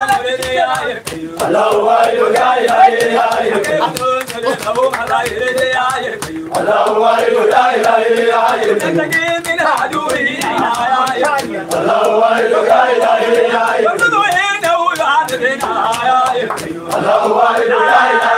الله ويلك يا يا يا الله ويلك يا يا يا من عدوه الله ويلك يا يا يا الله ويلك يا يا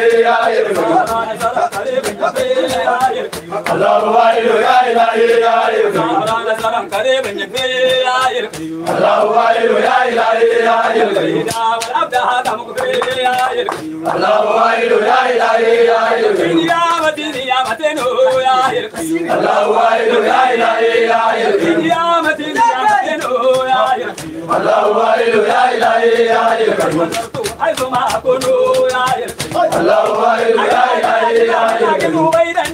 الله وايلو يا إلهي يا إلهي رانا سرح كريم يكفي يا إلهي الله وايلو يا إلهي يا إلهي والعبد هذا مكفي يا إلهي الله وايلو يا إلهي يا إلهي يا مدين يا متينو يا إلهي الله وايلو يا إلهي يا إلهي يا مدين يا متينو يا إلهي الله وايلو يا إلهي يا إلهي حيث ما أكون يا إلهي الله وايلو يا Allah, why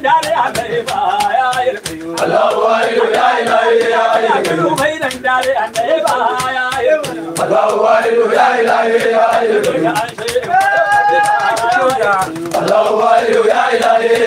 do I lie?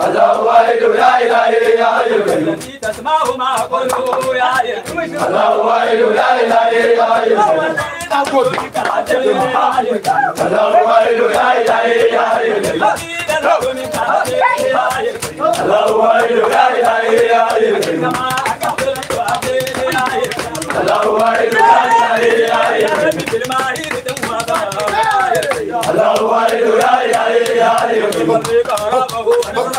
الويل يا يا إلهي تسمع ما أقوله يا إلهي الويل يا يا إلهي الويل يا يا إلهي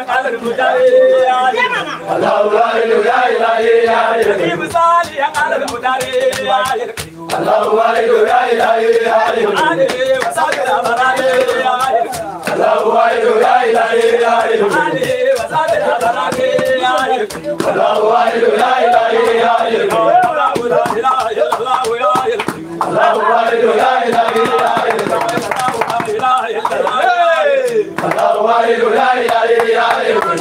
Akbar. Allahu Akbar. Allahu Akbar. Allahu Akbar. Allahu Akbar. Allahu Akbar. Allahu Akbar. Allahu Allahu Akbar. Allahu Akbar. Allahu Akbar. Allahu Akbar. Allahu Allahu Akbar. Allahu Akbar. Allahu Akbar. Allahu Akbar. Allahu Allahu Akbar. Allahu Akbar. Allahu Allahu Akbar. Allahu Akbar. Allahu Allahu Akbar. Allahu Ak الله لا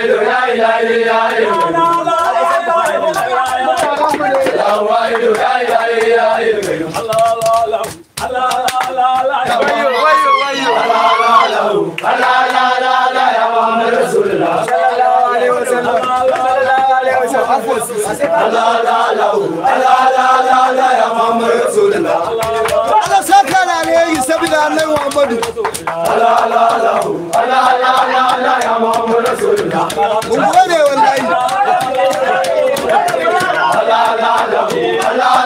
اله الا الله Mun gode wallahi. Allah